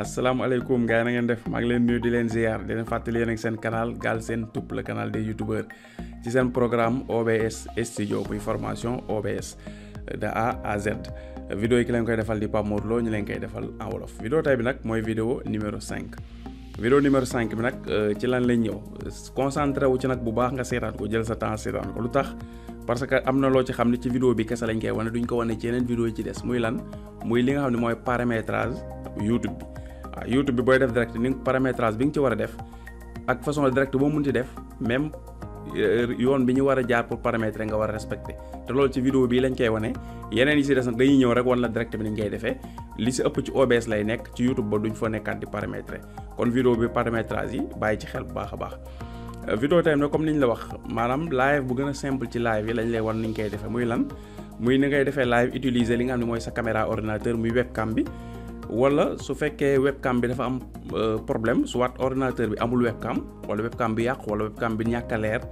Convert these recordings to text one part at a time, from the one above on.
asalaamaaleykum gars yi na ngeen def maak leen nuyu di leen ziar di leen fàttali yéen ak seen canal Galsen Tube le canal des youtubeurs ci seen programme OBS studio buy formation OBS de A à Z. vidéo yi ki leen koy defal di Pape Mor Lo ñu leen koy defal en wolof vidéo tey bi nag mooy vidéo numéro 5. vidéo numéro 5 bi nag euh, ci lan lañ ñëw concentré wu ci nag bu baax nga seetaan ko jël sa temps seetaan ko lu tax. parce que am na loo ci xam ne ci vidéo bi kese lañ koy wane duñ ko wane ci yeneen vidéo yi ci des muy lan muy li nga xam ne mooy paramétrage YouTube waaw ah, YouTube bi booy def direct ni paramétrage bi nga ci war a def ak façon direct boo mun ci def même euh, yoon bi ñu war a jaar pour paramétrer nga war a respecter te loolu ci vidéo bi lañ koy wane yeneen yi si des nag dañuy ñëw rek wan la direct bi ni ñu koy defee li si ëpp ci OBS lay nekk ci YouTube ba duñ fa nekkaat di paramétrer kon vidéo bi paramétrage yi bàyyi ci xel bu baax a baax. Euh, vidéo time nag comme niñ la wax maanaam live bu gën a simple ci live yi lañ lay wan ni ñu koy defee muy lan muy ni ngay defee live utiliser li nga xam ne mooy sa caméra ordinateur muy webcam bi. wala su fekkee webcam bi dafa am euh, problème soit ordinateur bi amul webcam wala webcam bi yàqu wala webcam bi ñàkk a leer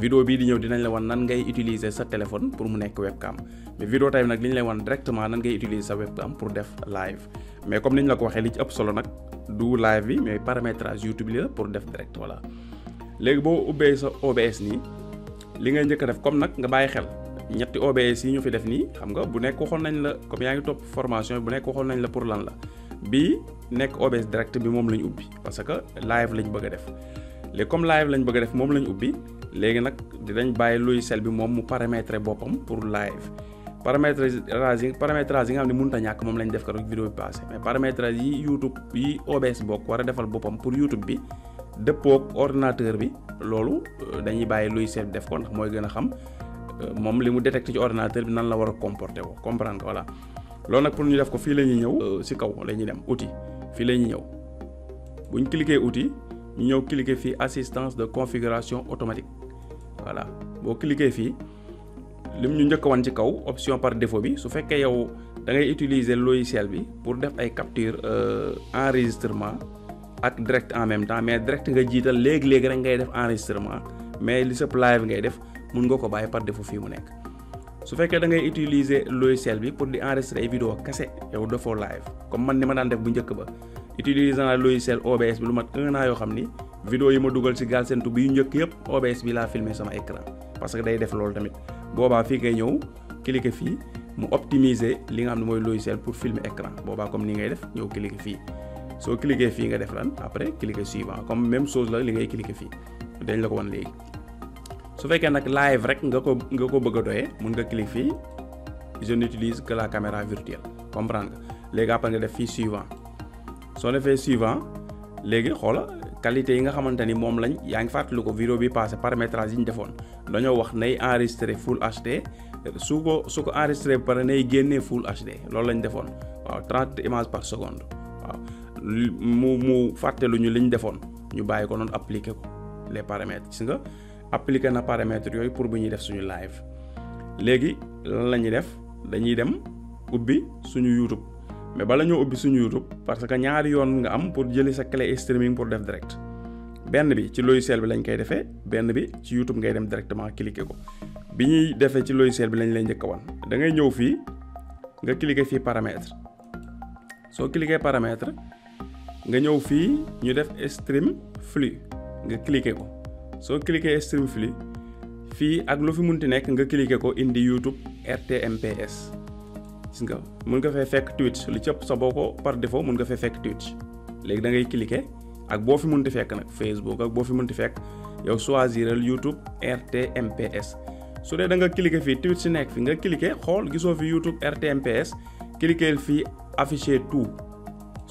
vidéo bii di ñëw dinañ la wan nan ngay utiliser sa téléphone pour mu nekk webcam mais vidéo tey nag li ñu lay wan directement nan ngay utiliser sa webcam pour def live mais comme ni ñu la ko waxee li ci ëpp solo nag du live bi mais paramétrage YouTube li la pour def direct voilà léegi boo ubbee sa OBS nii li ngay njëkk def comme nag nga bàyyi xel. ñetti OBS yi ñu fi def nii xam nga bu nekk waxoon nañ la comme yaa ngi topp formation bu nekk waxoon nañ la pour lan la bii nekk OBS direct bi moom la ñu ubbi parce que live lañ bëgg a def léegi comme live lañ bëgg def moom lañu ñu ubbi léegi nag dinañ bàyyi sel bi moom mu paramétrer boppam pour live paramétrage yi paramétrage yi nga xam ne mënut a ñàkk moom lañ def ko rek vidéo bi passé mais paramétrage yi YouTube yi OBS bokk war a defal boppam pour YouTube bi dëppook ordinateur bi loolu euh, dañuy bàyyi logiciel bi def ko mooy gën a xam moom li mu détecté ci ordinateur bi nan la war a comporté woo comprendre nga voilà loolu nag pour ñu def ko fii la ñëw euh, si kaw la ñuy dem outil fii la ñuy ñëw buñ cliqué outil ñu ñëw cliqué fii assistance de configuration automatique voilà boo cliqué fii lim ñu njëkk wan ci kaw option par défaut bi su fekkee yow dangay ngay utiliser logiciel bi pour def ay capture euh, enregistrement ak direct en même temps mais direct nga jiital léegi-léegi rek ngay def enregistrement mais li sëpp ngay def mun nga ko bàyyi par défaut fii mu nekk su fekkee da ngay utiliser logiciel bi pour di enregistrer ay vidéo kase yow defoo live comme man ni ma daan def bu njëkk ba utiliser naa logiciel OBS bi lu mat un an yoo xam ni vidéo yi ma dugal si Galsen Tube bi yu njëkk yëpp OBS bi laa filmer sama écran parce que day def loolu tamit boobaa fii ngay ñëw cliquer fii mu optimiser li nga am ne mooy logiciel pour filmer écran boobaa comme ni ngay def ñëw cliquer fii soo cliquer fii nga def lan après cliquer comme même chose la li ngay cliquer fii dañ la ko léegi su fekkee nag live rek nga ko nga ko bëgg a doyee mun nga clique fii je n'utilise que la caméra virtuelle comprendre nga léegi après nga def fii suivant soo defee suivant léegi xoola qualité yi nga xamante ni moom lañ yaa ngi fàttali ko vidéo bi passé paramétrage yi ñu defoon dañoo wax nay enristre full HD su ko su ko enristre ba pare nay génnee full HD loolu lañ defoon waaw 30 images par seconde waaw mu mu fàtte lu ñu liñ defoon ñu bàyyi ko noonu appliqué ko les paramètres nga. appliqué na paramètres yooyu pour bu ñuy def suñu live léegi lan la ñuy def dañuy dem ubbi suñu YouTube mais bala ñoo ubbi suñu YouTube parce que ñaari yoon nga am pour jëli sa clé streaming pour def direct benn bi ci looyu logiciel bi lañ koy defee benn bi ci YouTube ngay dem directement cliquer ko bi ñuy defee ci looyu logiciel bi lañ lay njëkk a wan da ngay ñëw fii nga cliquer fii paramètres soo cliquer paramètres nga ñëw fii ñu def stream flux nga cliquer ko. soo cliquer Strewfly fii ak lu fi mun munti nekk nga cliquer ko indi YouTube RTMPS gis nga mun nga fee fekk Twitch lu cëpp sa boo par defo mun nga fee fekk Twitch léegi dangay ngay cliquer ak boo fi mun munti fekk nag Facebook ak boo fi mun ti fekk yow choisiral YouTube RTMPS su dee da nga cliquer fii Twitch si nekk fi nga cliquer xool gisoo fi YouTube RTMPS cliquer fii afficher tout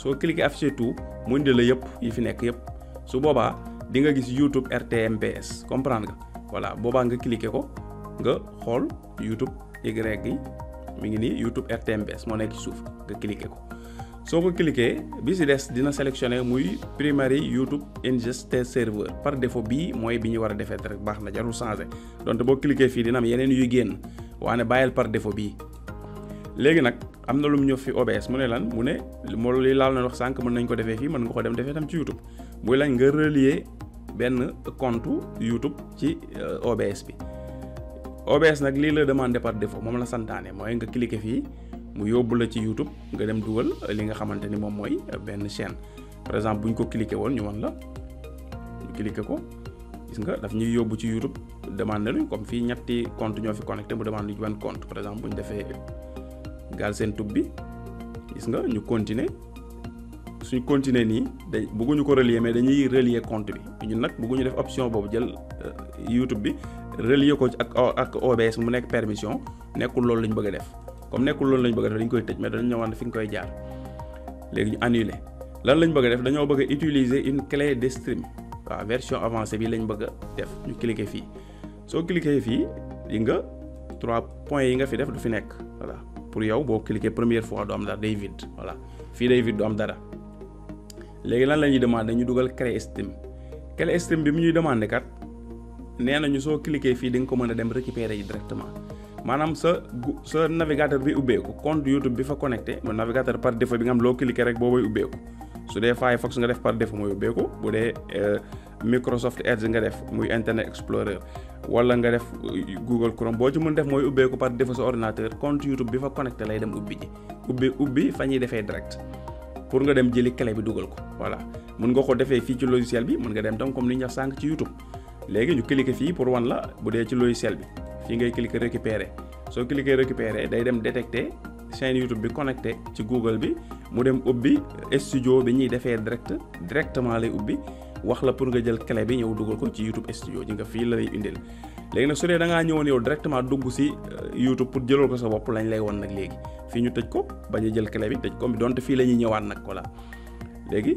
soo cliquer afficher tout mu indi la yëpp yi fi nekk yëpp su boobaa. di nga gis YouTube RTMPS comprendre nga voilà boobaa nga cliqué ko nga xool YouTube Y gi mu ngi nii YouTube RTMPS moo nekk ci suuf nga cliqué ko soo ko cliqué bi si des dina sélectionné muy primary YouTube ingest test serveur par défaut bii mooy bi ñu war a defee rek baax na jarul sange donte boo cliqué fii dina am yeneen yu génn waane bàyyil par defo bii léegi nag am na lu mu ñëw fi OBS mu ne lan mu ne moo li laal na wax sànq mën nañ ko defee fii mën nga ko dem defee tam ci YouTube muy lañ benn compte YouTube ci euh, OBS bi OBS nag lii la demandé par défaut moom la santaane mooy nga cliquer fii mu yóbbu la ci YouTube nga dem dugal li nga xamante ni moom mooy euh, benn chaine par exemple bu ñu ko cliquer woon ñu wan la ñu cliquer ko gis nga daf ñuy yóbbu ci YouTube demandé luñ comme fii ñetti compte ñoo fi connecté mu demandé ñu benn compte par exemple bu ñu defee Galsen Tube bi gis nga ñu continuer suñ continuer nii day bëgguñu ko relier mais dañuy relier compte bi ñun nag bëgguñu def option boobu jël euh, YouTube bi relier ko ak ak obes mu nekk permission nekkul loolu lañ bëgg a def comme nekkul loolu lañ bëgg def dañ koy tëj mais dañu ñëwaat fi nga koy jaar léegi ñu annuler lan lañ bëgg def dañoo bëgg a utiliser une clé de stream waaw version avancée bi lañ bëgg def ñu cliquer fii soo cliquer fii di nga trois points yi nga fi def du fi nekk voilà pour yow boo cliquer première fois du am dara day vide voilà fii day vide du am dara. léegi lan la ñuy demandé ñu dugal créer stream créer stream bi mu ñuy demandé kat nee nañu soo cliquer fii di nga ko mën a dem récupérer yi directement maanaam sa sa navigateur bi ubbeeku compte YouTube bi fa connecté mo navigateur par défaut bi nga xam loo cliquer rek boobay ubbeeku su dee Firefox nga def par défaut mooy ubbeeku bu dee euh, Microsoft Edge nga def muy Internet Explorer wala nga def euh, Google Chrome boo ci mun def mooy ubbeeku par défaut sa ordinateur compte bi fa connecté lay dem ubbi ji ubbi fa ñuy defee direct pour nga dem jëli clé bi dugal ko voilà mun nga ko defee fii ci logiciel bi mën nga dem tam comme ni ñu wax sànq ci YouTube léegi ñu cliquer fii pour wan la bu dee ci logiciel bi fii ngay cliquer récupérer soo cliquer récupérer day dem détecter chaîne YouTube bi connecté ci Google bi mu dem ubbi studio bi ñuy defee direct directement lay ubbi wax la pour nga jël clé bi ñëw dugal ko ci YouTube studio ji nga fii la lay indil. léegi nag su dee da ngaa ñëwoon yow directement dugg si euh, YouTube pour jëlal ko sa bopp lañ lay woon nag léegi fii ñu tëj ko bañ a jël clé bi tëj ko donte fii la ñuy ñëwaat nag voilà léegi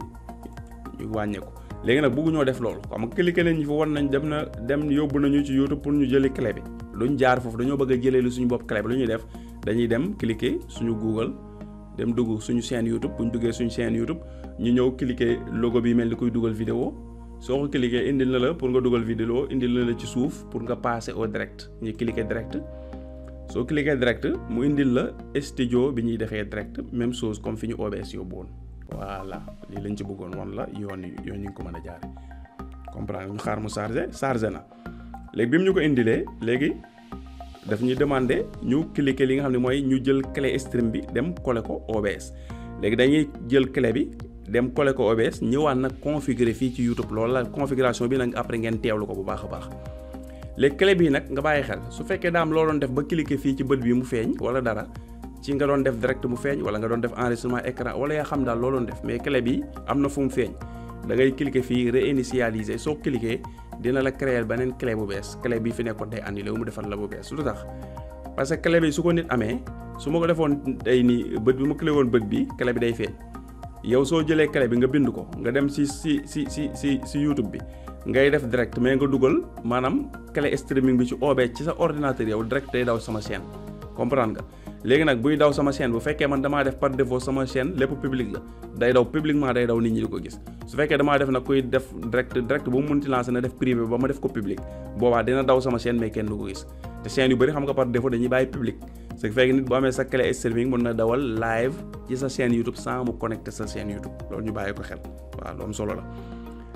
ñu wàññeeku léegi nag bëggu ñoo def loolu xam nga cliqué nañ ñu fa war nañ dem na dem yóbbu nañu ci YouTube pour ñu jëli clé bi luñ jaar foofu dañoo bëgg a jëlee lu suñu bopp clé bi lu ñuy def dañuy dem cliqué suñu Google dem dugg suñu chaîne YouTube bu ñu duggee suñu chaîne YouTube ñu ñëw cliqué logo bi mel ni kuy dugal vidéo soo ko cliquer indil na la pour nga dugal vidéo indil na la ci suuf pour nga passer au direct ñu cliquer direct soo cliquer direct mu indil la studio bi ñuy defee direct même chose comme fi ñu OBS yóbbu woon voilà lii lañ ci bëggoon woon la yoon yi yoon ñu ngi ko mën a jaare comprendre ñu xaar mu chargé chargé na léegi bi mu ñu ko indilee léegi daf ñu demandé ñu cliquer li nga xam ne mooy ñu jël clé stream bi dem kole ko obees léegi dañuy jël clé bi dem collé ko OBS ñëwaat nag configurer fii ci YouTube loolu la configuration bi nag après ngeen teewlu ko bu baax a baax léegi clé bii nag nga bàyyi xel su fekkee daam loo doon def ba cliquer fii ci bët bi mu feeñ wala dara ci nga doon def direct mu feeñ wala nga doon def enregistrement écran wala yaa xam daal loo doon def mais clé bi am na fu mu feeñ da ngay cliquer fii réinitialiser soo cliquer dina la créer beneen clé bu bees clé bi fi nekkoon day annulé wu mu defal la bu bees lu tax parce que clé su ko nit amee su ma ko defoon day nii bët bi ma clé woon bët bi clé bi day feeñ. yow soo jëlee clé bi nga bind ko nga dem si si si si si si YouTube bi ngay def direct mais nga dugal maanaam clé streaming bi ci oobee ci sa ordinateur yow direct day daw sama chaîne comprendre nga. léegi nag buy daw sama chaîne bu fekkee man damaa def par défaut sama chaîne lépp public la day daw publiquement day daw nit ñi di ko gis su fekkee damaa def nag kuy def direct direct ba mu munti lancé na def privé ba ma def ko public boobaa dina daw sama chaîne mais kenn du ko gis te chaîne yu bëri xam nga par défaut dañuy bàyyi public ce qui fait que nit bu amee sa clé streaming mën na dawal live ci sa chaîne YouTube saa mu connecté sa chaîne YouTube loolu ñu bàyyi ko xel waaw solo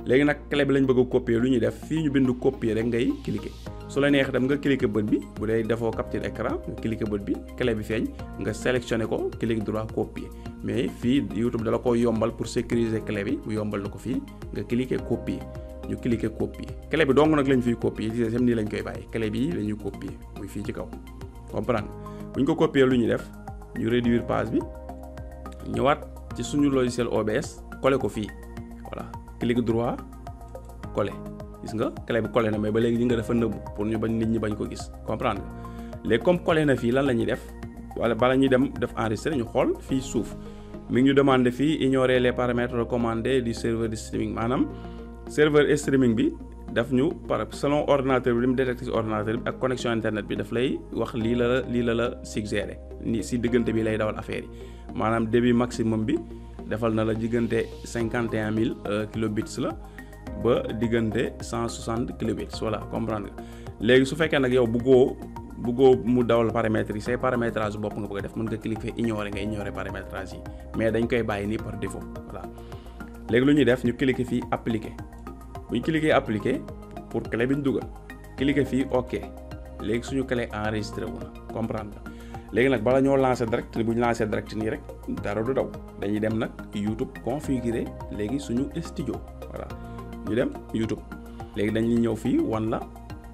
léegi nag clé bi lañ bëgg a lu ñuy def fii ñu bind copier rek ngay cliquer su la neex dem nga cliquer bët bi bu dee defoo capture écran nga cliquer bët bi clé bi feeñ nga sélectionné ko clic droit copier mais fii YouTube dala ko yombal pour sécuriser clé bi mu yombal na ko fii nga cliquer copier ñu cliquer copier clé bi dong nag lañ fiy copier ci sam nii lañ koy bàyyi clé bi la ñuy copier muy fii ci kaw comprendre bu ñu ko copier lu ñuy def ñu réduire bi ñëwaat ci suñu logiciel OBS coller ko fii voilà clic droit collé gis nga clé bi collé na mais ba léegi ñu nga dafa nëbbu pour ñu bañ nit ñi bañ ko gis comprendre nga léegi comme collé na fii lan la ñuy def wala bala ñuy dem def enregistré ñu xool fii suuf mi ngi ñu demandé fii ignorer les paramètres recommandés du serveur de streaming maanaam serveur streaming bi daf ñu par selon ordinateur bi li mu détecté si ordinateur bi ak connexion internet bi daf lay wax lii la lii la la suggéré ni si diggante bi lay dawal affaire yi maanaam débit maximum bi. defal na la diggante cinquante et mille mille euh, kilobits la ba diggante cent soixante kilobits voilà comprendre nga léegi su fekkee nag yow buggoo buggoo mu dawal paramètres yi say paramétrage bopp nga bëgg def mën nga cliquer ignorer nga ignorer paramétrage yi mais dañ koy bàyyi nii par défaut voilà léegi lu ñuy def ñu cliquer fii appliquer bu ñu cliquer appliquer pour clé bi ñu dugal cliquer fii ok léegi suñu clé enregistré wu na comprendre nga léegi nag bala ñoo lancer direct bu ñu lancer direct nii rek dara du daw dañuy dem nag YouTube configurer léegi suñu studio voilà ñu dem YouTube léegi dañuy ñëw fii wan la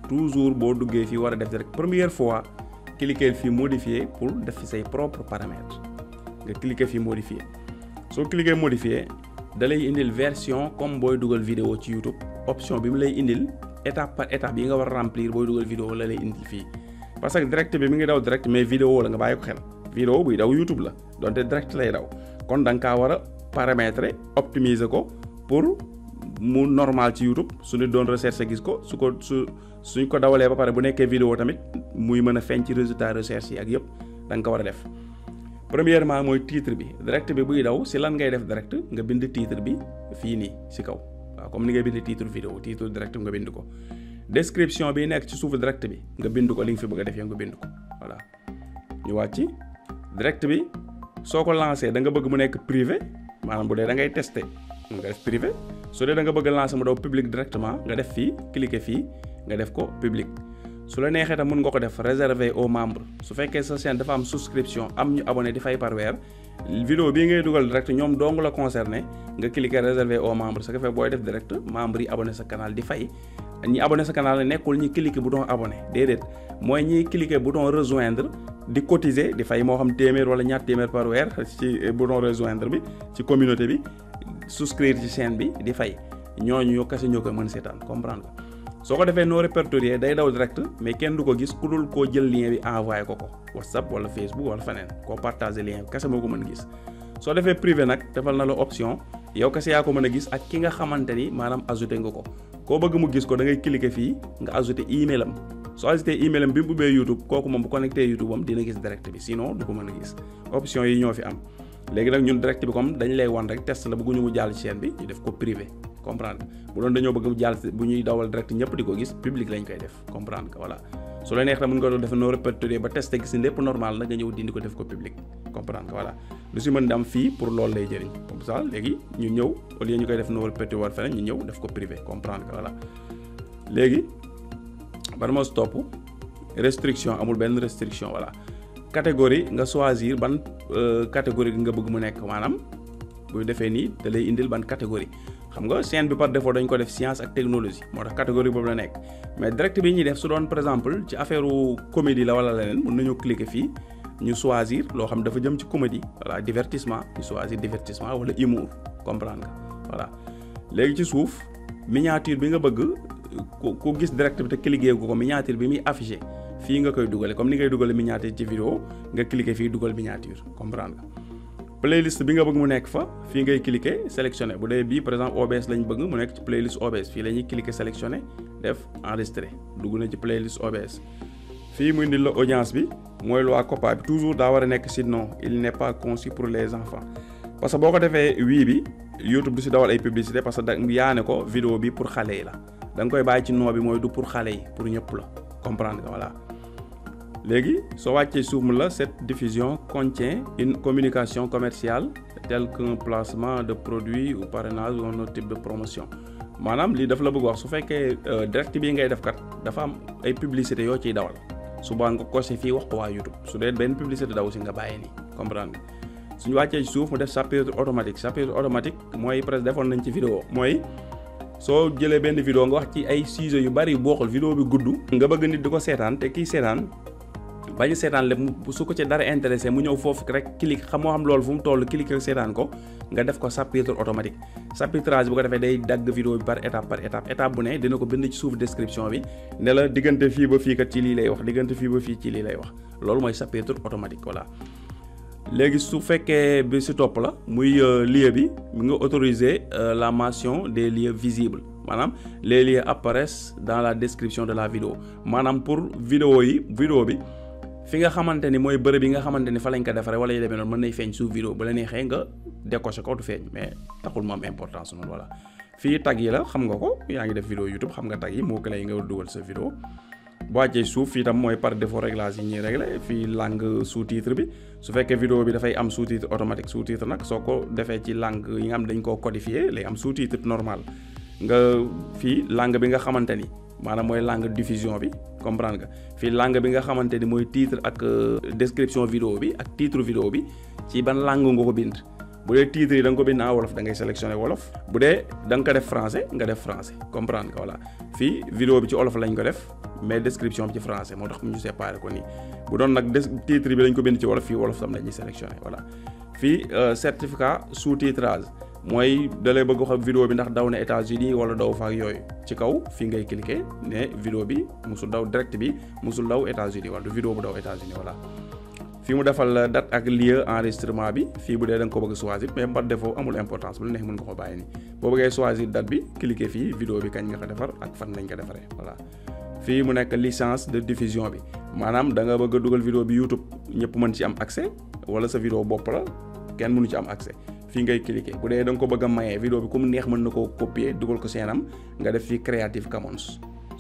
toujours boo duggee fii war a def rek première fois cliquer fii modifier pour def fi say propre paramètres nga cliquer fi modifier soo cliquer modifier da lay indil version comme booy dugal vidéo ci YouTube option bi mu lay indil étape par étape yi nga war a remplir booy dugal vidéo la lay indil fii. parce que direct bi mi ngi daw direct mais vidéo la nga bàyyi ko xel vidéo buy daw YouTube la donte direct lay daw kon danga nga kaa war a paramétrer optimiser ko pour mu normal ci YouTube su ñu doon recherche gis ko su ko su suñ ko dawalee ba pare bu nekkee vidéo tamit muy mën a feeñ ci résultat recherche yi ak yëpp danga ko war a def premièrement mooy titre bi direct bi buy daw si lan ngay def direct nga bind titre bi fii nii si kaw waaw comme ni ngay bind titre vidéo titre direct nga bind ko description bi nekk ci suuf direct bi nga bind ko li nga fi bëgg a def yow nga bind ko voilà ñu wàcc direct bi soo ko lancé da nga bëgg mu nekk privé maanaam bu dee da ngay testé nga def privé su dee da nga bëgg a lancé mu daw public directement nga def fii cliquer fii nga def ko public su la neexee tam mun nga ko def réservé au membre su fekkee sa chaîne dafa am souscription am ñu abonné di fay parweer vidéo bii ngay dugal direct ñoom dong la concerné nga cliquer réservé aux membres su ko fee booy def direct membre yi abonné sa canal di fay ñi abonné sa kanaal canal nekkul ñi cliquer bouton abonné déedéet mooy ñiy cliquer bouton rejoindre di cotiser di fay moo xam téeméer wala ñaar téeméer par weer ci bouton rejoindre bi ci communauté bi souscrire ci chaîne bi di fay ñooñu ñoo kese ñoo ko mën seetaan comprendre soo ko defee non répertorié day daw direct mais kenn du ko gis ku dul koo jël lien bi envoyé ko ko whatsapp wala facebook wala feneen koo partage lien bi kese moo ko mën gis soo defee privé nag defal na la option yow kese yaa ko mën a gis ak ki nga xamante ni maanaam ajouté nga ko koo bëgg mu gis ko da ngay cliquer fii nga ajouté email am soo e email am bi mu ubbee youtube kooku moom bu connecté youtube am dina gis direct bi sinon du ko mën a gis option yi ñoo fi am léegi nag ñun direct bi comme dañu lay wan rek test la bëgguñu mu jàll chaîne bi ñu def ko privé comprendre bu doon dañoo bëgg mu jàll bu ñuy dawal direct ñëpp di ko gis public lañ koy def comprendre que voilà su la neex tam mën nga doon def noo répertorier ba testé gis ni lépp normal na nga ñëw dindi ko def ko public comprendre que voilà lu si mën di am fii pour loolu lay jëriñ comme ça léegi ñu ñëw au lieu ñu koy def noo répertorier war feneen ñu ñëw def ko privé comprendre que léegi ban moo si topp restriction amul benn restriction voilà catégorie nga choisir ban euh, catégorie nga bëgg mu nekk maanaam bu defee nii da lay indil ban catégorie xam nga chaîne bi par défaut dañ ko def science ak technologie moo tax catégorie boobu la nekk mais direct bi ñuy def su doon par exemple ci affaire comédie la wala leneen mën nañoo cliquer fii ñu choisir loo xam dafa jëm ci comédie voilà divertissement ñu choisir divertissement wala humour comprendre nga voilà léegi ci suuf miniature bi nga bëgg ku gis direct te cliquer gu ko miniature bi muy affiché fii nga koy dugale comme ni ngay dugale miniature ci vidéo nga cliquer fii dugal miniature comprendre nga playlist bi nga bëgg mu nekk fa fii ngay cliquer sélectionner bu dee bii par exemple OBS lañ bëgg mu nekk ci playlist OBS fii la ñuy cliquer sélectionner def enregistrer dugg na ci playlist OBS fii mu indil la audience bi mooy loi COPPA bi toujours daa war a nekk sinon il n'est pas conçu pour les enfants parce que boo ko defee wii bi YouTube du si dawal parce que da yaa ko vidéo bi pour xale yi la da koy bàyyi ci noo bi mooy pour xale yi pour ñëpp la comprendre nga léegi soo wàccee suum la cette diffusion contient une communication commerciale telle qu'un placement de produit ou parrainage ou un autre type maanaam lii dafa la bëgg wax su fekkee euh, direct bii ngay def kat dafa am ay publicité yoo ciy dawal suba nga kose fii wax ko waa YouTube su dee benn publicité daw si nga bàyyi nii comprendre suñu wàccee suuf mu def chapitre automatique chapitre automatique mooy presque defoon nañ ci vidéo mooy soo jëlee benn vidéo nga wax ci ay sujet yu bari bokkul vidéo bi gudd nga bëgg nit di ko seetaan te kiy seetaan bañu seetaan lépp mu su ko ci dara intéressé mu ñëw foofu rek clique xam moo xam loolu fu mu toll clique seetaan ko nga def ko chapitre automatique chapitrage bu ko defee day dagg vidéo bi par étape par étape étape bu ne dina ko bind ci suuf description bi ne la diggante fii ba fii kat ci lii lay wax diggante fii ba fii ci lii lay wax loolu mooy chapitre automatique voilà léegi su fekkee bi si topp la muy euh, lieu bi nga autoriser euh, la mention des lieux visibles maanaam les lieux apparaissent dans la description de la vidéo maanaam pour vidéo yi vidéo bi fi nga xamante ni mooy bërëb yi nga xamante ni fa lañ ko defaree wala yu demee noonu mën nay feeñ suuf vidéo bu la neexee nga décoché ko du feeñ mais taxul mu am importance noonu voilà fii tag yi la xam nga ko yaa ngi def vidéo YouTube xam nga tag moo clé nga war dugal sa vidéo boo wàccee suuf fii tam mooy par défaut réglage yi ñuy réglé fii langue sous-titre bi su fekkee vidéo bi dafay am sous-titre automatique sous nag soo ko defee ci langue yi nga dañ koo codifié lay am sous normal nga fii langue bi nga xamante ni maanaam mooy langue diffusion bi comprendre nga fii langue bi nga xamante ni mooy titre ak euh, description vidéo bi ak titre vidéo bi ci ban langue nga ko bind bu dee titre yi da ko bind en wolof da ngay sélectionné wolof bu dee da nga ko def français nga def français comprendre nga voilà fii vidéo bi ci wolof lañ ko def mais description bi ci français moo tax ñu séparé ko nii bu doon nag des titre bi lañ ko bind ci wolof fii wolof tam la ñuy sélectionné voilà fii euh, certificat sous titrage mooy da lay bëgg xam vidéo bi ndax daw na États-Unis wala daw fa ak yooyu ci kaw fii ngay cliquer ne vidéo bi musul daw direct bi musul daw États-Unis wala vidéo bu daw États-Unis voilà. fii mu defal la date ak lieu enregistrement bi fii bu dee da ko bëgg choisir mais par défaut amul importance bu la neexee mën nga ni boo bëggee choisir date fii vidéo bi kañ nga ko defar ak fan lañ ko defaree voilà. fii mu nekk licence de diffusion bi maanaam da bëgg dugal vidéo bi YouTube ñëpp mën ci am accès wala sa vidéo bopp la kenn mënu ci am accès. fi ngay cliquer bu dee danga ko bëgg a maye vidéo bi comme neex mën na koo copier dugal ko seenam nga def fii Creative Commons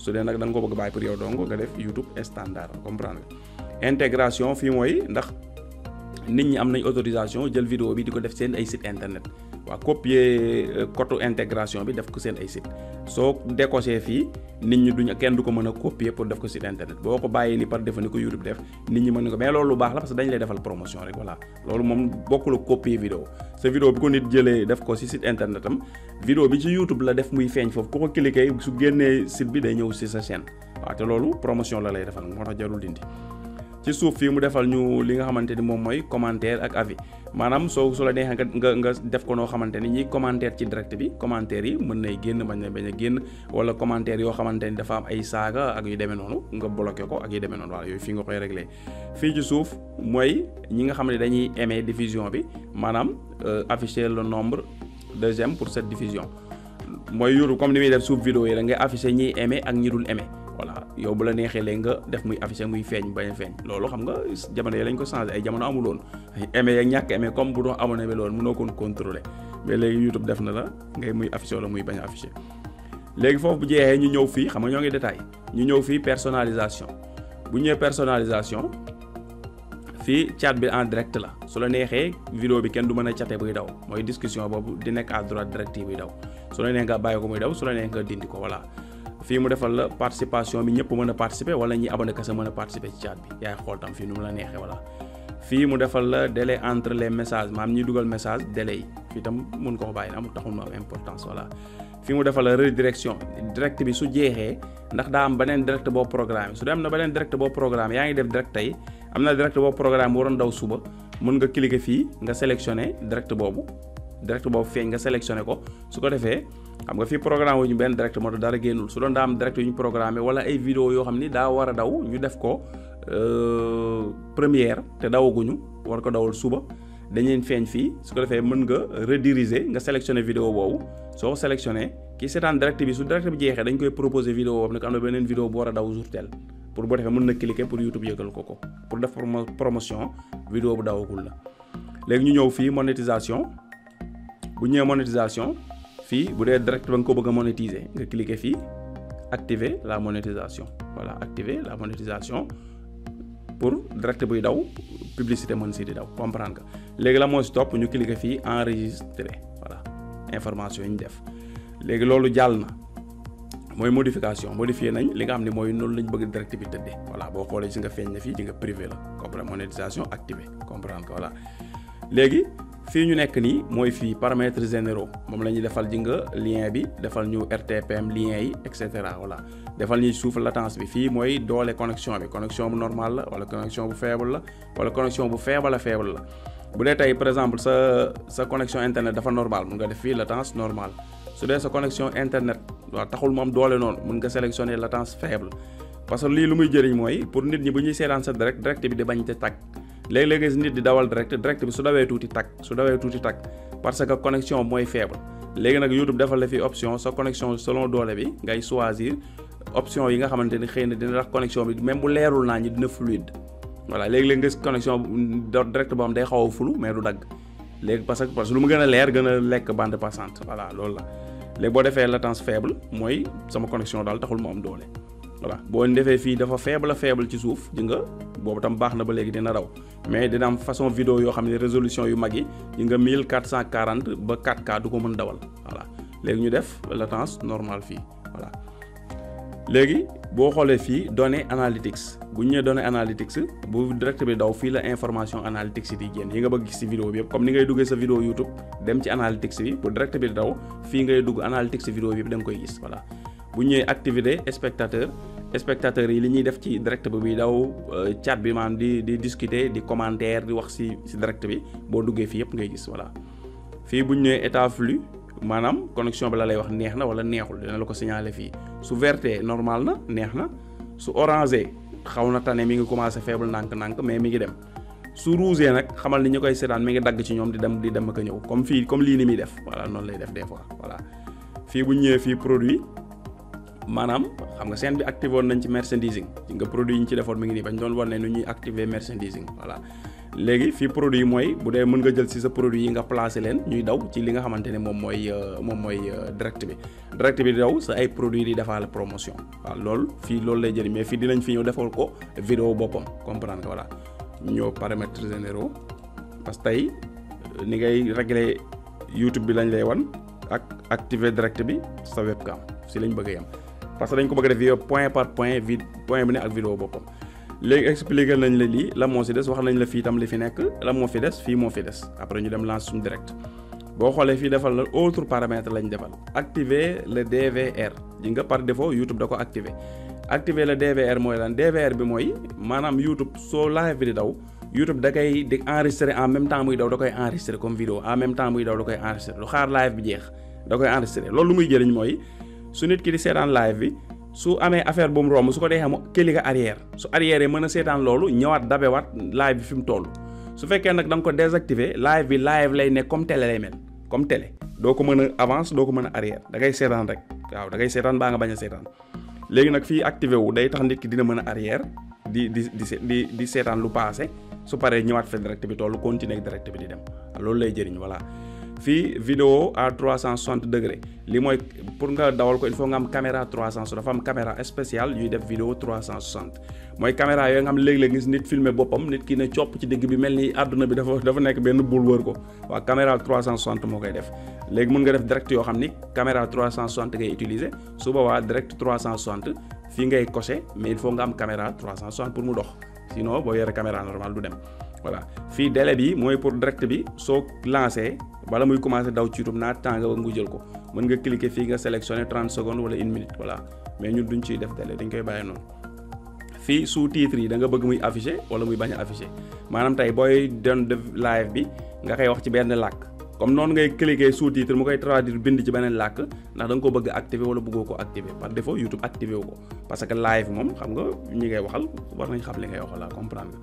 su dee nag da nga ko bëgg bàyyi pour yow dong nga def YouTube standard comprendre intégration fii mooy ndax nit ñi am nañ autorisation jël vidéo bi di ko def seen ay site internet waaw copier euh, code integration bi def ko seen ay site soo décoché fii nit ñi duñ kenn du ko mën a copier pour def ko site internet boo ko bàyyi ni par défaut ni ko YouTube def nit ñi mën na ko mais loolu lu baax la parce que dañ lay defal promotion rek voilà loolu moom bokkul ak copier vidéo sa vidéo bi ko nit jëlee def ko si site internet am vidéo bi ci YouTube la def muy feeñ foofu ku ko cliquer su génnee site bi day ñëw si sa chaîne waaw te loolu promotion la lay defal moo tax jarul dindi ci suuf fii mu defal ñu li nga xamante ni moom mooy commentaire ak avis maanaam soo su la neexee nga nga def ko noo xamante ni ñiy commentaire ci direct bi commentaire yi mën nay génn bañ na bañ a génn wala commentaire yoo xamante ni dafa am ay saaga ak yu deme noonu nga bloqué ko ak yu demee noonu waaw yooyu fii nga koy réglé fii ci suuf mooy ñi nga xam ne dañuy aimer diffusion bi maanaam euh, afficher le nombre de pour cette diffusion mooy yoru comme ni muy def suuf yi rek ngay afficher ñiy aimer ak ñi dul voilà yow bu la neexee léegi nga def muy affiché muy feeñ bañ a feeñ loolu xam nga jamono yi lañ ko changé ay jamono amul woon aimé ak ñàkk aimé comme bu doon amoon bi loolu mënoo koon contrôler mais léegi YouTube def na la ngay muy affiché wala muy bañ a affiché léegi foofu bu jeexee ñu ñëw fii xam nga ñoo ngi détail ñu ñëw fii personalisation bu ñëwee personnalisation fii chat bi en direct la su la neexee vidéo bi kenn du mën a chatee buy daw mooy discussion boobu di nekk à droite direct yi daw su la neex ko muy daw su la neex ko voilà fii mu defal la participation bi ñëpp mën a participer wala ñi abonné kese mën a participer ci chat bi yaay xool tam fii mu la neexee defal la délai entre les messages maam ñuy dugal message délai yi fii tam mun ko bàyyi am taxul na am importance voilà fii mu defal la redirection direct bi su jeexee ndax daa am beneen direct boo programme su dee am na beneen direct boo programme yaa ngi def direct tey am na direct boo programme bu waroon daw suba mun nga fii nga sélectionner direct boobu direct boobu feeñ nga sélectionner ko xam nga fii programme wu ñu benn direct moo tax dara génnul su doon daa am direct yu ñu programmé wala ay vidéo yoo xam ni daa war a daw ñu def ko euh, première te dawaguñu war ko dawal suba dañ leen feeñ fii su ko defee mën nga rediriger nga sélectionné vidéo boobu soo ko sélectionné kii seetaan direct bi su direct bi jeexee dañ koy proposé vidéo boobu nag am na beneen vidéo bu a daw jour tel pour boo defee na cliquer pour YouTube ko ko pour def promotion vidéo bu dawagul la léegi ñu ñëw fii monétisation bu ñëwee monétisation fii bu dee direct ba nga ko bëgg a monétiser nga cliquer fii activer la monétisation voilà active la monétisation pour direct buy daw publicité mën si di daw comprendre nga léegi la moo si topp ñu cliquer fii enregistrer voilà information yi ñu def léegi loolu jàll na mooy modification modifié nañ li nga xam ne mooy noonu lañ bëgg direct bi tëddee voilà boo xoolee si nga feeñ na fii di nga privé la comprendre monétisation activé comprendre que voilà léegi fii ñu nekk nii mooy fii parametre généraux moom la ñuy defal ji nga lien bi defal ñu RTPM lien yi et cetera voilà defal ñuy suuf latence bi fii mooy doole connexion bi connexion bu normal la wala connexion bu faible la wala connexion bu faible a faible la bu dee tey par exemple sa sa connexion internet dafa normal mun nga def fii latence normal su dee sa connexion internet waaw taxul moom doole noonu mun nga sélectionner latence faible parce que lii lu muy jëriñ mooy bu ñuy seetaan sa direct direct bi di bañ te tag léegi léeg nit di dawal direct direct bi su dawee tuuti tag su dawee tuuti tag parce que connexion mooy faible léegi nag YouTube defal fi option sa connexion selon doole bi ngay choisir option yi nga xamante ni xëy na dina tax connexion bi même bu leerul naa ñi dina fluide voilà léegi-léeg nga connexion direct boo xam day xaw a fulu mais du dagg léegi parce que parce que lu ma gën a leer gën a lekk bande passante voilà loolu la léegi boo defee latence faible mooy sama connexion daal taxul mu am doole voilà boo defee fii dafa faible faible ci suuf di nga boobu tam baax na ba léegi dina raw mais dina am façon vidéo yoo xam ne résolution yu mag yi di nga 1440 ba 4K du ko mën dawal voilà léegi ñu def latence normale fii voilà léegi boo xoolee fii données analytics bu ñu nee données bu direct bi daw fii la information analytics yi di génn yi nga bëgg gis ci vidéo bi yëpp comme ni ngay duggee sa vidéo YouTube dem ci analytics bi bu direct bi daw fii ngay dugg analytics vidéo yëpp da nga koy gis voilà activité spectateur spectateurs yi li ñuy def ci direct bi bi daw euh, chat bi maanaam di di discuter di commentaire di wax si si direct bi boo duggee fii yëpp ngay gis voilà fii bu ñu nee état flux maanaam connexion bi la lay wax neex na wala neexul dina la ko signaler fii su verte normal na neex na su orangé xaw na tane mi ngi commencé faible nànk-nànk mais mi ngi dem su rouge nag xamal ni ñu koy seetaan mi ngi dagg ci ñoom di dem di dem ak a ñëw comme fii comme lii ni muy def voilà noonu lay def fois voilà maanaam xam nga scène bi activé woon nañ ci merchandising nga produit yi ñu ci defoon mi ngi nii bañ doon wan ne nu ñuy activer merchandising voilà léegi fii produit yi mooy bu dee mën nga jël si sa produit yi nga placé leen ñuy daw ci li nga xamante ne moom mooy euh, moom mooy euh, direct bi direct bi di daw sa ay produit di defaale promotion waaw loolu fii loolu lay jëriñ mais fii dinañ fi ñëw defal ko vidéo boppam comprendre nga voilà ñoo paramètres généraux parce que tey euh, ni ngay régler YouTube bi lañ lay wan ak activer direct bi sa webcam si lañ bëgg a yem parce que dañ ko bëgg def vidéo point par point vid point bu ne ak vidéo boppam léegi expliqué nañ la lii la moo si des wax nañ la fii tam li fi nekk la moo fi des fii moo fi des après ñu dem lance suñu direct boo xoolee fii defal la autre paramètre lañ defal activer le DVR ji nga par défaut YouTube da ko activer activer le DVR mooy lan DVR bi mooy maanaam YouTube soo live bi di daw YouTube da koy di enregistrer en même temps muy daw da koy enregistrer comme même temps muy daw da koy enregistrer lu xaar live bi jeex koy enregistrer loolu lu muy jëriñ su nit ki di seetaan live bi su amee affaire bu mu romb su ko dee xam këli nga arrière su arrière mën a seetaan loolu ñëwaat dabewaat live bi fi mu toll su fekkee nag da nga ko désactiver live bi live lay nekk comme télé lay mel comme télé doo ko mën a avance doo ko mën a arrière da ngay seetaan rek waaw da ngay seetaan baa nga bañ a seetaan léegi nag fii activé wu day tax nit ki dina mën a arrière di di di di seetaan lu passé su paree ñëwaat fa direct bi toll continuer direct bi di dem loolu lay jëriñ voilà fii vidéo à 360 degré li mooy pour nga dawal ko il faut nga am caméra 360 dafa am caméra spéciale yuy def vidéo 360 mooy caméra yooyu nga xam léeg-léeg gis nit filmer ki ne copp ci digg bi mel bi dafa dafa nekk benn bul wër ko waa moo koy def léegi mun nga def direct yoo xam ni caméra 360 ngay utiliser su boobaa direct 360 fii ngay coché mais il faut nga am caméra 360 pour mu dox sinon boo yore caméra normal du dem voilà fii délai bi mooy pour direct bi soo lancé bala muy commencé daw ciitum naa temps nga bëgg ngu jël ko mën nga cliquer fi nga sélectionné 30 secondes wala une minute voilà mais ñun duñ ciy def délai dañ koy bàyyi noonu fii sous titre yi da nga bëgg muy affiché wala muy bañ a affiché maanaam tey booy doon de live bi nga koy wax ci benn làkk comme noonu ngay cliquer sous-titre mu koy traduire bind ci beneen làkk ndax da nga ko bëgg activer wala bëggoo ko activer par défaut YouTube activer wu ko parce que live moom xam nga ñi ngay waxal war nañ xam li ngay waxal la comprendre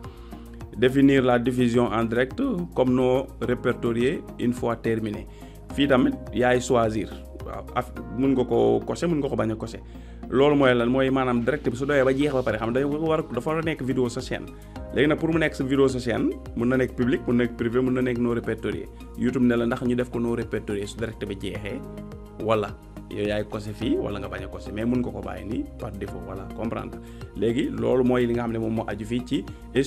définir la diffusion en direct comme non répertorié une fois terminé fii tamit yaay choisir waaw af mun nga ko cocher mun nga ko bañ a cocher loolu mooy la mooy maanaam direct bi su doyee ba jeex ba pare xam a dafa war a nekk vidéo pour nekk sa vidéo sa chaîne mun na nekk public mun na nekk privé mun na nekk non répertorié YouTube ne la ko non répertorié su direct bi jeexee wala yow yaay kose fii wala nga bañ a kose mais mun nga ko bàyyi nii par défaut voilà comprendre léegi loolu mooy li nga xam ne moom moo aju fii ci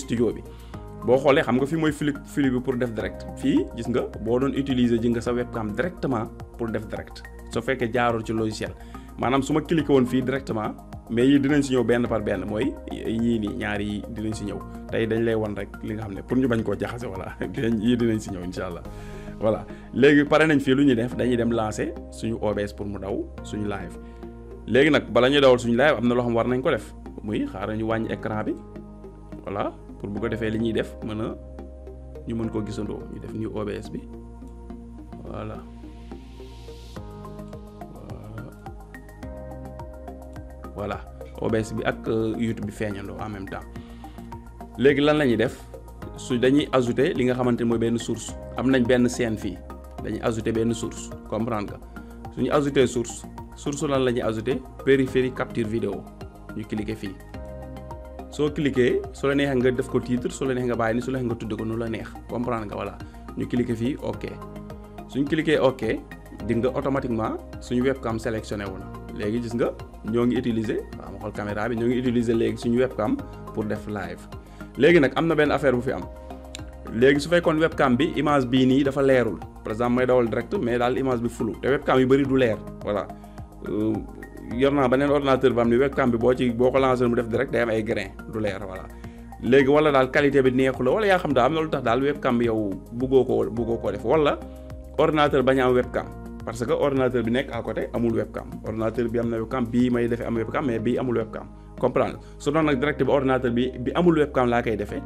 studio bi boo xoolee xam nga fii mooy flux flux bi pour def direct fii gis nga boo doon utiliser ji nga sa webcam directement pour def direct soo fekkee jaarul ci logiciel maanaam su ma cliqué woon fii directement mais yii dinañ si ñëw benn par benn mooy yii ni ñaari yi dinañ si ñëw tey dañ lay wan rek li nga xam ne pour ñu bañ koo jaxase voilà dinañ yii dinañ si ñëw incha allah voilà léegi pare nañ fii lu ñuy def dañuy dem lancer suñu OBS pour mu daw suñu live léegi nag bala ñuy dawal suñu live am na loo xam war nañ ko def muy xaaral ñu wàññi écran bi voilà pour bu ko defee li ñuy def mën a ñu mën koo gisandoo def ñu OBS bi voilà OBS bi ak euh, YouTube bi feeñandoo en même temps léegi lan la ñuy def su dañuy ajouter li nga xamante ni mooy benn source am nañ benn scène fii dañuy ajouter benn source comprendre nga suñu ajouter source source lan la ñuy ajouter périphérie capture video ñu cliquer fii soo cliquer su la neexee nga def ko titre su la neexee nga bàyyi ni su la nga tudd ko nu la neex comprendre nga voilà ñu cliquer fii ok suñ cliquer ok di nga automatiquement suñu webcam sélectionné wu na léegi gis nga ñoo ngi utiliser waaw ma xool caméra bi ñoo ngi utiliser léegi suñu webcam pour def live léegi nag am na benn affaire bu fi am léegi su fekkoon webcam bi image bii nii dafa leerul par exemple may dawal direct mais daal image bi fulu te webcam yu bëri du leer voilà euh, yor naa beneen ordinateur ba am ni webcam bi boo ci boo ko lancé mu def direct day am ay grain du leer voilà léegi wala daal qualité bi neexu la wala yaa xam daal am na tax daal webcam bi yow buggoo ko buggoo ko def wala ordinateur bañ a am parce que ordinateur bi nekk à côté amul webcam ordinateur bi am na webcam bii may defee am webcam mais bi amul webcam comprendre su doon nag direct bi ordinateur bi bi amul webcam laa koy defee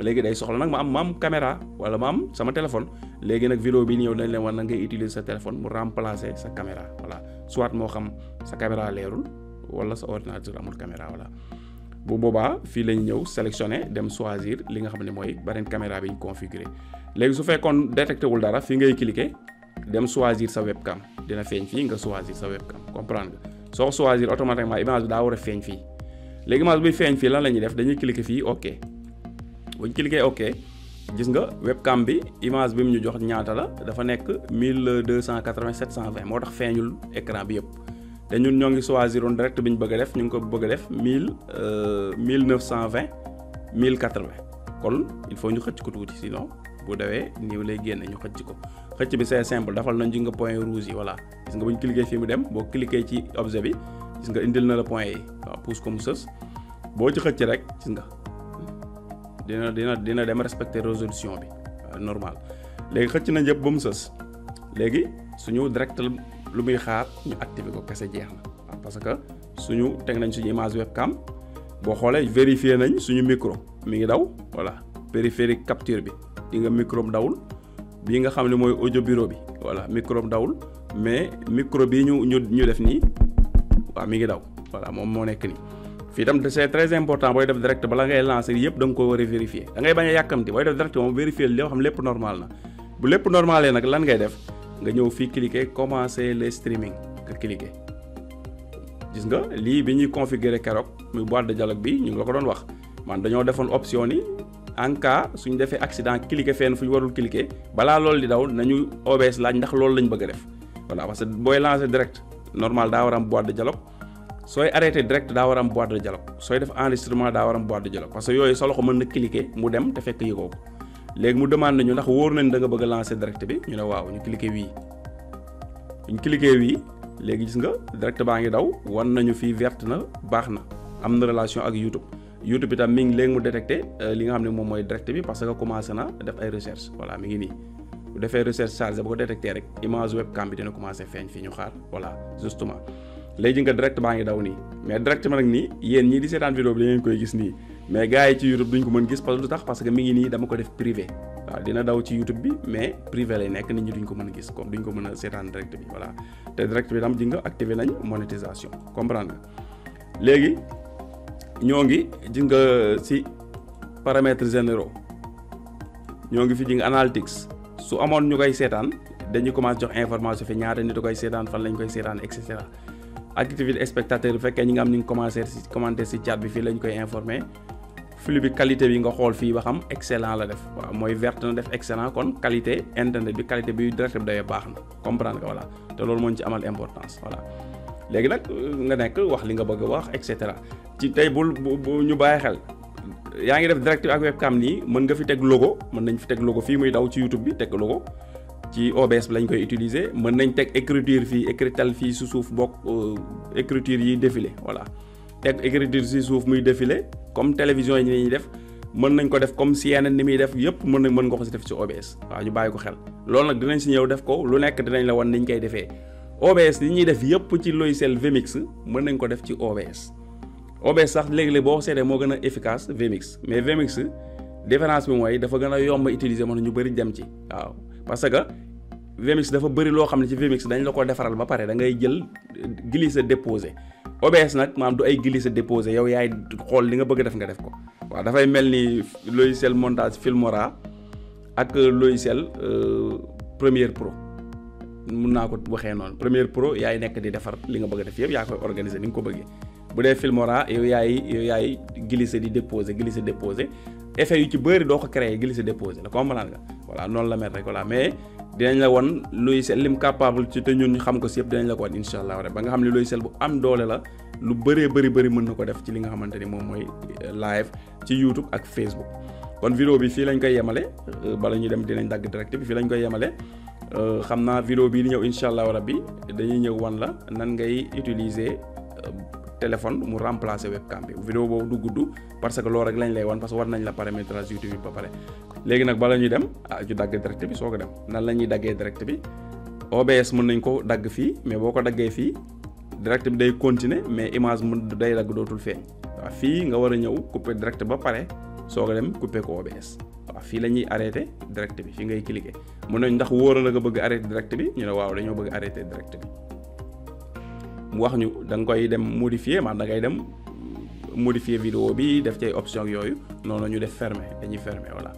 léegi day soxla nag ma am ma am caméra wala ma am sama téléphone léegi nag vidéo bi ñëw dañ leen war na ngay utiliser sa téléphone mu remplacer sa caméra voilà soit moo xam sa caméra leerul wala sa ordinateur amul caméra voilà bu boobaa fii lañ ñëw sélectionner dem choisir li nga xam ne mooy beneen caméra bi ñu configurer léegi su fekkoon détecté wul dara fii ngay cliquer dem choisir sa cam dina feeñ fii nga choisir sa webcam comprendre nga soo choisir automatiquement image bi daa war a feeñ fii léegi image bi feeñ fii lan la ñuy def dañuy cliquer fii ok buñ cliquer ok gis nga webcam bi image bi mu ñu jox ñaata la dafa nekk 1280 720 moo tax feeñul écran bi yëpp te ñoo ngi choisir woon direct bi ñu bëgg def ñu ngi ko bëgg a euh, vingt 1000 1920 1080 kon il faut ñu xëcc ko tuuti sinon. bu dawee niiw lay génne ñu xëcc ko xëcc bi c'est simple dafal nañ ji nga point rouge yi voilà gis nga bu ñu cliquer fii mu dem boo cliquer ci objet bi gis nga indil na la point yi waaw pousse ko mu sës boo ci xëcc rek gis nga dina dina dem respecter résolution bi euh, normal léegi xëcc nañ yëpp ba mu sës léegi suñu direct lu muy xaar ñu activer ko kese jeex na parce que suñu teg nañ ñu image webcam boo xoolee vérifier nañ suñu micro mi ngi daw voilà périphérique capture bi di nga microbe dawul bii nga xam ne mooy ojo bureau bi voilà microbe dawul mais micro bii ñu ñu ñu def nii waaw mi ngi daw voilà moom moo nekk nii. fii tam c'est très important booy def direct bala ngay lancer yëpp da ko war a vérifier da ngay a yàkkamti ba def direct moom vérifier li nga xam lépp normal na bu lépp normalé nag lan ngay def nga ñëw fii cliquer commencer les streaming nga cliquer. gis nga lii bi ñuy configurer keroog muy boîte de dialogue bi ñu ngi ko doon wax man dañoo defoon option ni en suñu suñ defee accident cliquer fenn fu ñu warul cliquer balaa loolu di daw nañu OBS laaj ndax loolu lañ bëgg a def voilà parce que booy lancer direct normal daa war am boîte de dialogue sooy arrêté direct daa war am boîte de dialogue sooy def enregistrement daa war am boîte de dialogue parce que yooyu solo ko mën na cliquer mu dem te fekk yëgoo ko léegi mu demande nañu ndax wóor nañ da bëgg a lancer direct bi ñu ne waaw ñu cliquer wii ñu cliquer wii léegi gis nga direct baa ngi daw wan nañu fii verte na baax na am na relation ak YouTube. YouTube itam mi ngi léegi mu détecté euh, li nga xam ne moom mooy direct bi parce que commencé na def ay recherche voilà mi ngi nii bu defee recherche chargé ba ko détecté rek image webcam bi dina commencé feeñ fi ñu xaar voilà justement léegi nga direct baa ngi daw nii mais direct ma nag nii yéen ñii di seetaan vidéo bi da ngeen koy gis nii mais gars yi ci YouTube duñ ko mën gis parce que lu tax parce que mi ngi nii dama ko def privé waaw dina daw ci YouTube bi mais privé lay nekk nit ñi duñ ko mën a gis comme duñ ko mën a seetaan direct bi voilà te direct bi tam ji nga activé nañ monétisation ñoo ngi di nga si paramètres généraux ñoo ngi fi di nga analytics su amoon ñu koy seetaan dañuy commencé jox information fi ñaata nit a koy seetaan fan lañ koy seetaan et cetera activité spectateur bu fekkee ñi nga am ñu ngi commencé si commenté si chat bi fii lañ koy informé flux bi qualité bi nga xool fii ba xam excellent la def mooy verte na def excellent kon qualité internet bi qualité bi direct bi dawee baax na comprendre nga voilà te loolu moo ci amal importance voilà. léegi nag euh, nga nekk wax li nga bëgg a wax et cetera ci tey bul bu ñu bàyyi xel yaa ngi def direct ak webcam nii mën nga fi teg logo mën nañ fi teg logo fii muy daw ci YouTube bi teg logo ci OBS bi lañ koy utiliser mën nañ teg écriture fii écrital fii su suuf bokk euh, écriture yi défilé voilà teg écriture si suuf muy défilé comme télévision yi ñuy def mën nañ ko def comme si CNN ni muy def yëpp mën nañ mën nga ko si def ci obes waaw ñu bàyyi ko xel loolu nag dinañ si ñëw def ko lu nekk dinañ la wan niñ koy defee OBS li ñuy def yëpp ci logiciel Vmix mën nañ ko def ci OBS OBS sax léeg-léeg boo seetee moo gën a efficace Vmix mais Vmix différence bi mooy dafa gën a yomb utiliser mën ñu bëri dem ci waaw parce que Vmix dafa bëri loo xam ne ci Vmix dañ la ko defaral ba pare da ngay jël glisser déposer OBS nag maam du ay glisser déposer yow yaay xool li nga bëgg def nga def ko waaw dafay mel ni logiciel montage Filmora ak logiciel euh, première Pro. mun naa ko waxee noonu Premiere Pro yaay nekk di defar li nga bëgg a def yëpp yaa koy organiser ni nga ko bëggee bu dee Filmora yow yaay yow yaay glisser di déposer glisser déposer effet yu ci bëri doo ko créer glisser déposer la comprendre nga voilà noonu la mel rek voilà mais dinañ la won logiciel lim capable ci te ñun ñu xam ko si yëpp dinañ la ko won incha allah ba nga xam ne logiciel bu am doole la lu bëree bëri bëri mën na ko def ci li nga xamante ni moom mooy euh, live ci YouTube ak Facebook kon vidéo bi fii lañ koy yemale euh, bala ñuy dem dinañ dagg direct bi fii lañ koy yemale Euh, xam naa vidéo bii di ñëw incha allahu rabbi dañuy ñëw wan la nan ngay utiliser euh, téléphone mu remplacer webcam bi vidéo boobu du gudd parce que loolu rek lañ lay wan parce que war nañ la paramétrage YouTube bi ba pare léegi nag bala ñuy dem ah ju dagg direct bi soo ko dem nan la ñuy daggee direct bi OBS mën nañ ko dagg fii mais boo ko daggee fii direct bi day continuer mais image mun day dagg dootul feeñ waaw fii nga war a ñëw couper direct ba pare soo ko dem couper ko fii la ñuy arrêté direct bi fi ngay cliquer mun nañ ndax wóoral la nga bëgg arrêté direct bi ñu ne waaw dañoo bëgg arrêté direct bi mu wax ñu da nga koy dem modifier man da ngay dem modifier vidéo bi def ci ay option yooyu noonu ñu def fermer dañuy fermer voilà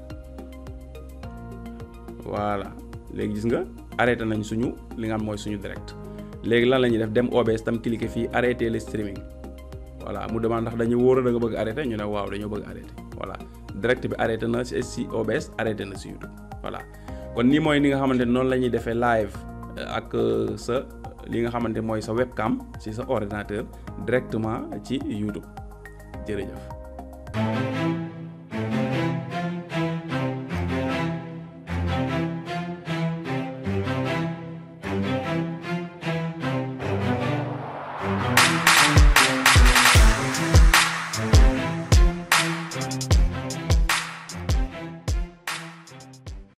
voilà léegi gis nga arrêté nañ suñu li nga am mooy suñu direct léegi lan la ñuy def dem OBS tam cliquer fii arrêter le streaming voilà mu demande ndax dañu wóor a da nga bëgg arrêté ñu ne waaw dañoo bëgg arrêté voilà direct bi arrêté na si OBS arrêté na si YouTube voilà kon nii mooy ni nga xamante noonu lañuy defee live euh, ak euh, sa li nga xamante mooy sa webcam ci sa ordinateur directement ci YouTube jërëjëf.